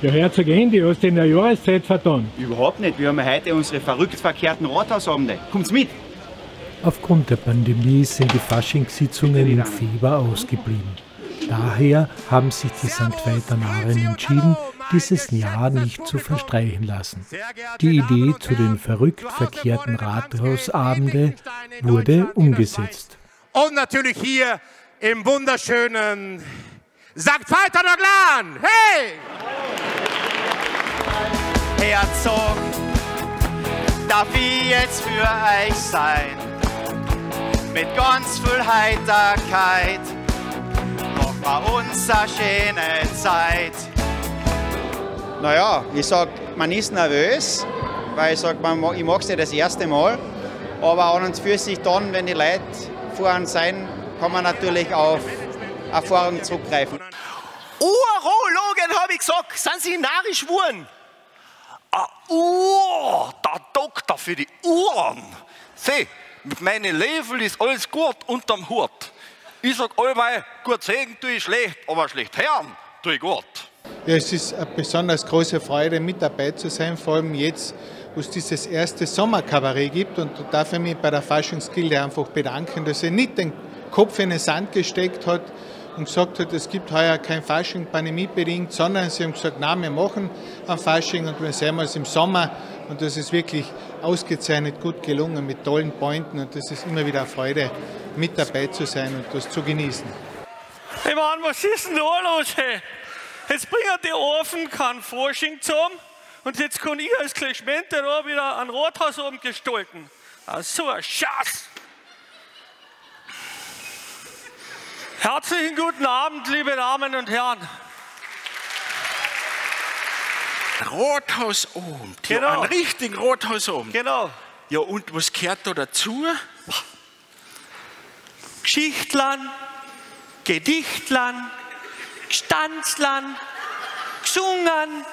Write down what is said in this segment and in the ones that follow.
Ja, Herzog Andy, hast du in der Jahreszeit vertan? Überhaupt nicht. Wir haben heute unsere verrückt verkehrten Rathausabende. Kommt's mit! Aufgrund der Pandemie sind die Faschingssitzungen im Februar ausgeblieben. Daher haben sich die St. Weitanaren entschieden, dieses Jahr nicht zu verstreichen lassen. Die Idee zu den verrückt verkehrten Rathausabende wurde umgesetzt. Und natürlich hier im wunderschönen St. Glan. Hey! Herzog, darf ich jetzt für euch sein. Mit ganz viel Heiterkeit machen wir uns schöne Zeit. Naja, ich sag, man ist nervös, weil ich sag, man, ich mag es nicht das erste Mal. Aber an und für sich dann, wenn die Leute vor sein, kann man natürlich auf Erfahrung zurückgreifen. Urologen, habe ich gesagt, sind sie Narischwuren? eine ah, Uhr, der Doktor für die Uhren. Seh, mit meinen Löffel ist alles gut unterm Hut. Ich sag allweil, gut sehen tue ich schlecht, aber schlecht hören tue ich gut. Ja, es ist eine besonders große Freude, mit dabei zu sein, vor allem jetzt, wo es dieses erste Sommerkabarett gibt. Und da darf ich mich bei der Faschingsgilde einfach bedanken, dass sie nicht den Kopf in den Sand gesteckt hat, und gesagt hat, es gibt heuer kein Fasching pandemiebedingt, sondern sie haben gesagt, nein, wir machen ein Fasching und wir sehen uns im Sommer. Und das ist wirklich ausgezeichnet gut gelungen mit tollen Pointen und das ist immer wieder eine Freude, mit dabei zu sein und das zu genießen. Hey Mann, was ist denn da los? Hey? Jetzt bringen die Ofen kein Fasching zusammen und jetzt kann ich als Kleinschmenter da wieder ein Rathaus oben gestalten. Ah, so ein Schatz! Herzlichen guten Abend, liebe Damen und Herren. Rothaus oben. Genau. Ja, einen Rothaus oben. Genau. Ja, und was gehört da dazu? Geschichtlern, Gedichtlern, Gestanzlern, gesungen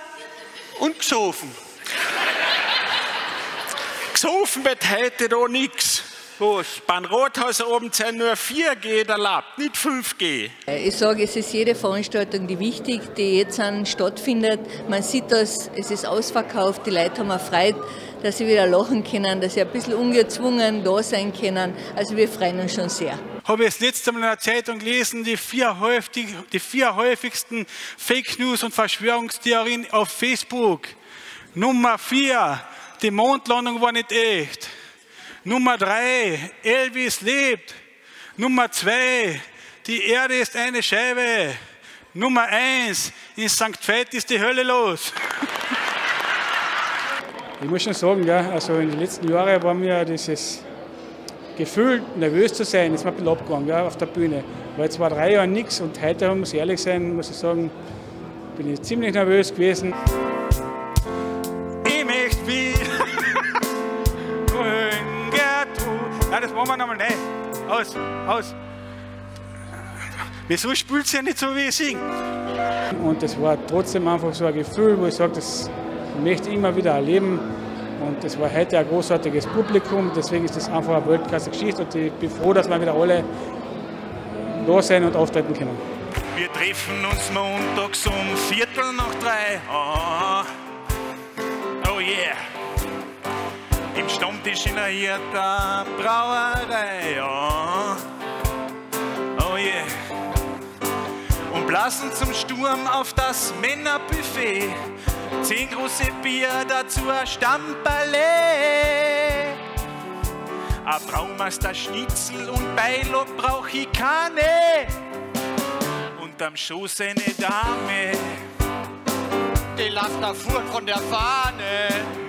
und Gesofen. Gesofen wird heute da nichts. Gut, beim Rothaus oben sind nur 4G erlaubt, nicht 5G. Äh, ich sage, es ist jede Veranstaltung, die wichtig, die jetzt an stattfindet. Man sieht das, es ist ausverkauft, die Leute haben erfreut, dass sie wieder lachen können, dass sie ein bisschen ungezwungen da sein können. Also wir freuen uns schon sehr. Habe ich das letzte Mal in der Zeitung gelesen, die vier, häufig, die vier häufigsten Fake News und Verschwörungstheorien auf Facebook. Nummer vier, die Mondlandung war nicht echt. Nummer drei, Elvis lebt. Nummer zwei, die Erde ist eine Scheibe. Nummer eins, in St. Veit ist die Hölle los. Ich muss schon sagen, ja, also in den letzten Jahren war mir dieses Gefühl, nervös zu sein, ist mir ein bisschen abgegangen ja, auf der Bühne. Weil jetzt war drei Jahre nichts und heute, muss ich ehrlich sein, muss ich sagen, bin ich ziemlich nervös gewesen. Nein, das machen wir nochmal. Nein, aus, aus. Wieso spült es ja nicht so, wie ich singe? Und das war trotzdem einfach so ein Gefühl, wo ich sage, das möchte ich immer wieder erleben. Und das war heute ein großartiges Publikum, deswegen ist das einfach eine Weltklasse-Geschichte und ich bin froh, dass wir wieder alle da sein und auftreten können. Wir treffen uns montags um Viertel nach drei. Aha. Fisch in einer Hirter Brauerei. Oh. oh yeah. Und blasen zum Sturm auf das Männerbuffet. Zehn große Bier, dazu ein Stamperle. Ein Braumeister Schnitzel und Beilo brauch ich keine. Unterm Schoß eine Dame, die lacht da Furt von der Fahne.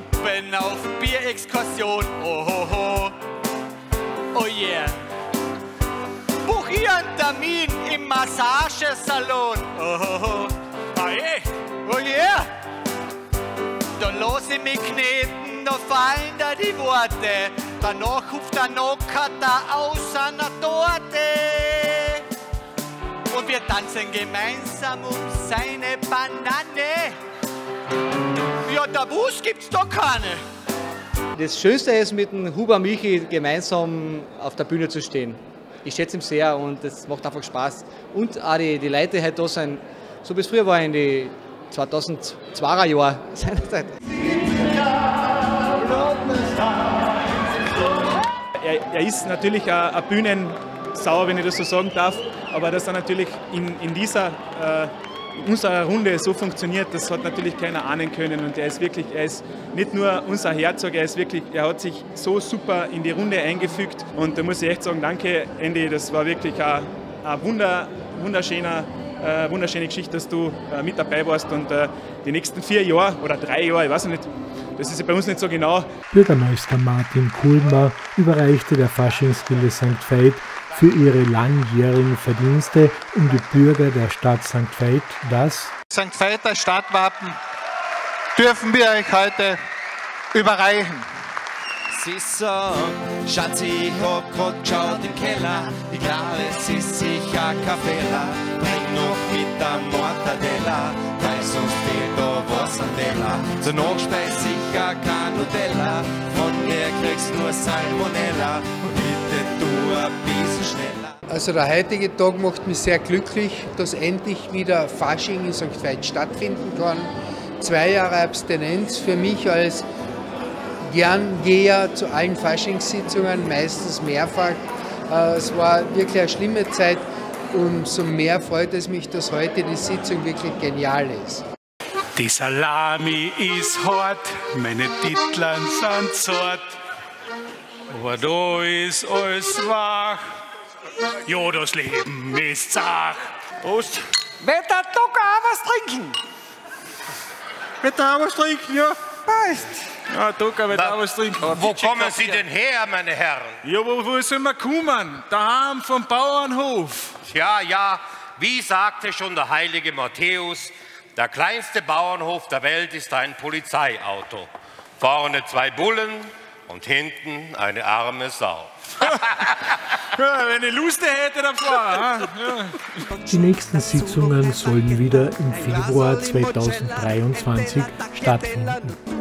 Puppen auf Bierexkursion. Oh ho ho. Oh yeah. Buch hier einen Termin im Massagesalon. Oh ho ho. Ah, eh. Oh yeah. Da los ich mich kneten, da fallen da die Worte. Danach hupft der Nocker da aus einer Torte. Und wir tanzen gemeinsam um seine Banane ja, Tabus gibt's doch keine. Das Schönste ist, mit dem Huber Michi gemeinsam auf der Bühne zu stehen. Ich schätze ihn sehr und es macht einfach Spaß. Und auch die, die Leute halt da sind, so wie es früher war in die 2002er Jahren seinerzeit. Er, er ist natürlich ein Bühnensauer, wenn ich das so sagen darf, aber dass er natürlich in, in dieser äh, unserer Runde so funktioniert, das hat natürlich keiner ahnen können. Und er ist wirklich, er ist nicht nur unser Herzog, er ist wirklich, er hat sich so super in die Runde eingefügt. Und da muss ich echt sagen, danke Andy, das war wirklich ein, ein wunder, wunderschöner äh, wunderschöne Geschichte, dass du äh, mit dabei warst und äh, die nächsten vier Jahre oder drei Jahre, ich weiß nicht, das ist ja bei uns nicht so genau. Bürgermeister Martin Kulmer überreichte der Faschingswille St. Veit für ihre langjährigen Verdienste um die Bürger der Stadt St. Veit das St. das Stadtwappen dürfen wir euch heute überreichen sie sagt, Schatz, ich hab grad geschaut im Keller, ich glaube, es ist sicher kein Fehler. Bring noch mit der Mortadella, weil sonst fehlt da was am Teller. Zur speis sicher kein Nutella, von der kriegst nur Salmonella. Und bitte du ein bisschen schneller. Also der heutige Tag macht mich sehr glücklich, dass endlich wieder Fasching in St. Veit stattfinden kann. Zwei Jahre Abstinenz für mich als gern gehe zu allen Faschingssitzungen, meistens mehrfach. Äh, es war wirklich eine schlimme Zeit. Umso mehr freut es mich, dass heute die Sitzung wirklich genial ist. Die Salami ist hart, meine Titeln sind zart. Aber da ist alles wach. Jo, das Leben ist zach. Prost. Wetter, auch was trinken. Wetter, was trinken, ja. Ja, du, da, wo kommen Sie denn her, meine Herren? Ja, wo, wo sind wir gekommen? Daheim vom Bauernhof. Ja, ja, wie sagte schon der heilige Matthäus, der kleinste Bauernhof der Welt ist ein Polizeiauto. Vorne zwei Bullen und hinten eine arme Sau. Ja, wenn ich Lust hätte, dann fahr. Ja. Die nächsten Sitzungen sollen wieder im Februar 2023 stattfinden.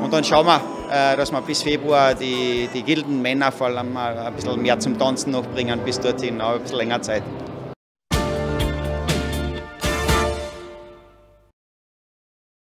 Und dann schauen wir, äh, dass wir bis Februar die, die Gildenmänner vor allem ein bisschen mehr zum Tanzen noch bringen, bis dorthin, auch ein bisschen länger Zeit.